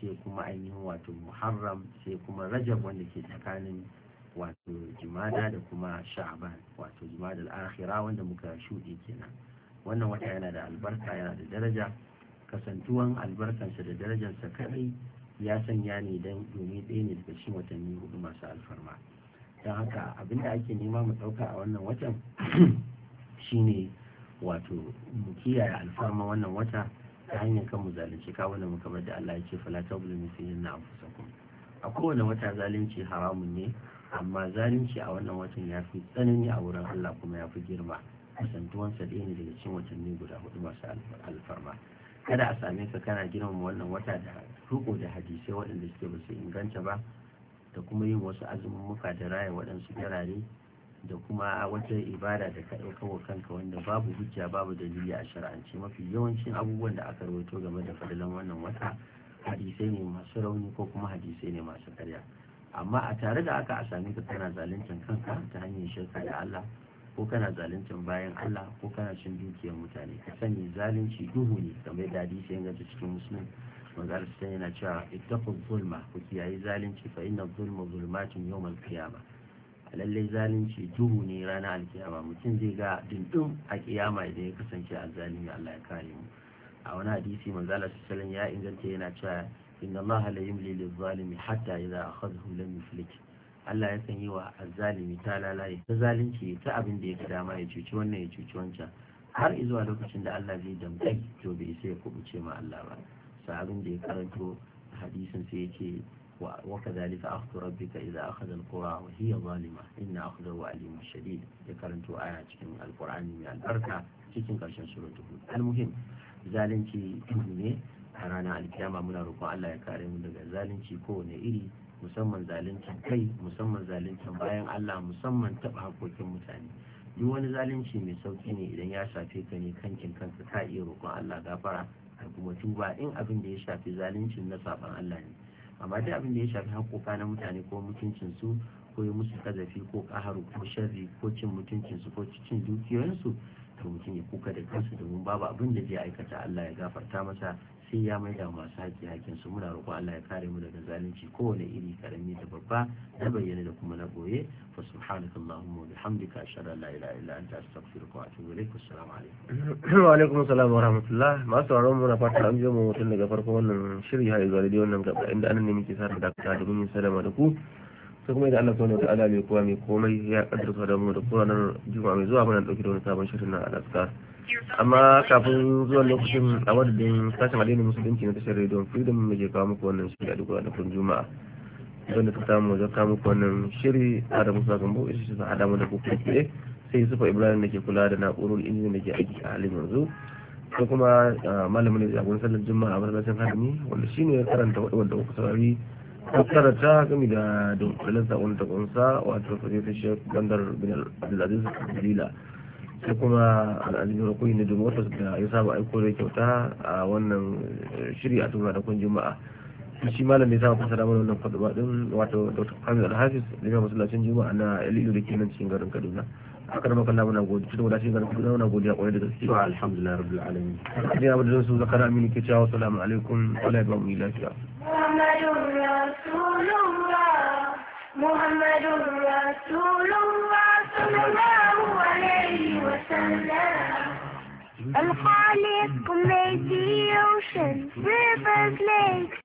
B: sai kuma ainihin wato muharram sai kuma rajab wanda ke tsakanin wato jimada da kuma sha'ban wato jimada al-akhira wanda muka shuɗe kenan wannan wata yana da albarka yana da daraja kasantuwan albarkansa da darajarsa kadai ya sanya ne don domin ɗaya ne daga cikin watanni hudu masu alfarma don haka abinda ake nema mu ɗauka a wannan watan *clears throat* shine wato mu kiyaye alfarma wannan wata ta hanyar kan mu zalunci kawunan mu kamar da Allah ya ce fala tazlimu sayyidina anfusakum a kowane wata zalunci haramun ne amma zalunci a wannan watan ya fi tsanani a wurin Allah kuma ya fi girma sa ɗaya ne daga cikin watanni guda hudu masu alfarma kada a same ka kana girmama wannan wata da ruko da hadisai waɗanda suke ba su inganta ba da kuma yin wasu azumin muka da raya waɗansu garare da kuma wata ibada da ka ɗauka kanka wanda babu hujja babu dalili a shari'anci mafi yawancin abubuwan da aka rawaito game da fadilan wannan wata hadisai ne masu rauni ko kuma hadisai ne masu karya amma a tare da aka a sami ka kana zaluntar kanka ta hanyar shirka da Allah ko kana zaluntar bayan Allah ko kana cin dukiyar mutane ka sani zalunci duhu ne kamar da hadisi ya gaji cikin musulun manzo yana cewa ittaqul zulma ku kiyaye zalunci fa inna zulma zulmatun yawmal qiyamah lallai zalunci duhu ne ranar alkiyama mutum zai ga dindin a kiyama idan ya kasance a zalimi Allah ya kare mu a wani hadisi manzo Allah sallallahu ya inganta yana cewa inna Allah la yumli lil zalimi hatta idha akhadhahu lam yuflih Allah ya san yi wa azzalimi ta lalaye ta zalunci ta abin da ya ga dama ya cuci wannan ya cuci wancan har zuwa lokacin da Allah zai damtai to bai sai ya kubuce ma Allah ba sa abin da ya karanto hadisin sai yake وكذلك أخذ ربك إذا أخذ القرى وهي ظالمة إن أخذه أليم شديد ذكرت آية cikin القرآن من البركة cikin ƙarshen سورة هود المهم zalunci ne a ranar alkiyama muna roƙon Allah ya kare mu daga zalunci kowane iri musamman zaluncin kai musamman zaluncin bayan Allah musamman taɓa hakokin mutane duk wani zalunci mai sauki ne idan ya shafe ka ne kankin kanka ta iya roƙon Allah gafara a kuma tuba in abin da ya shafi zaluncin na saban Allah ne amma dai abin da ya shafi haƙoƙa na mutane ko mutuncin su ko yi musu kazafi ko ƙaharu ko sharri ko cin mutuncinsu ko cin dukiyoyinsu to mutum ya kuka da kansu domin babu abin da zai aikata Allah ya gafarta masa sai ya mai da masu haƙƙi haƙƙin su muna roƙo Allah ya kare mu daga zalunci kowane iri karami da babba na bayyana da kuma na goye fa subhanaka allahumma wa bihamdika ashhadu an la ilaha illa anta astaghfiruka wa atubu ilayk assalamu alaikum wa alaikum assalam wa rahmatullah masu sauraron mu na fata an je mu mutum daga farko wannan shirya har zuwa da wannan gaba inda anan ne muke sa da dakata da yin salama da ku sai kuma idan Allah subhanahu wa ta'ala mai kowa mai komai ya kaddara da mu da kuma nan juma'a mai zuwa muna dauke da wani sabon shirin na alaska amma kafin zuwan lokacin a wadadin sashen adinin musulunci na tashar rediyon freedom ke kawo muku wannan shirya a duk ranakun juma'a don da ta samu wajen kawo muku wannan shiri a da musa gambo isa su hada mu da kuku tsaye sai yusufa ibrahim da ke kula da na'urar injin da ke aiki a halin yanzu ko kuma ah, malamin da jagoran sallar juma'a a masallacin hadimi wanda shi ne karanta wadda kuka saurari an karanta gami da dunkulen sakon ta kunsa wato bandar bin abdulaziz dalila sai kuma al'adun rukuni na jumu'ar da ya saba aiko da kyauta a wannan shiri a tura da kun juma'a shi malam ya saba fasara da wannan faduwa din wato dr hamid alhafiz da ya masallacin juma'a na lilo da ke nan cikin garin kaduna akar maka na muna godiya cikin wadacin garin kaduna muna godiya kwarai da gaske wa alhamdulillah rabbil alamin ne su zakara ke cewa alaikum wa la
A: محمد رسول الله صلى الله عليه وسلم الخالق made the ocean, rivers, lakes.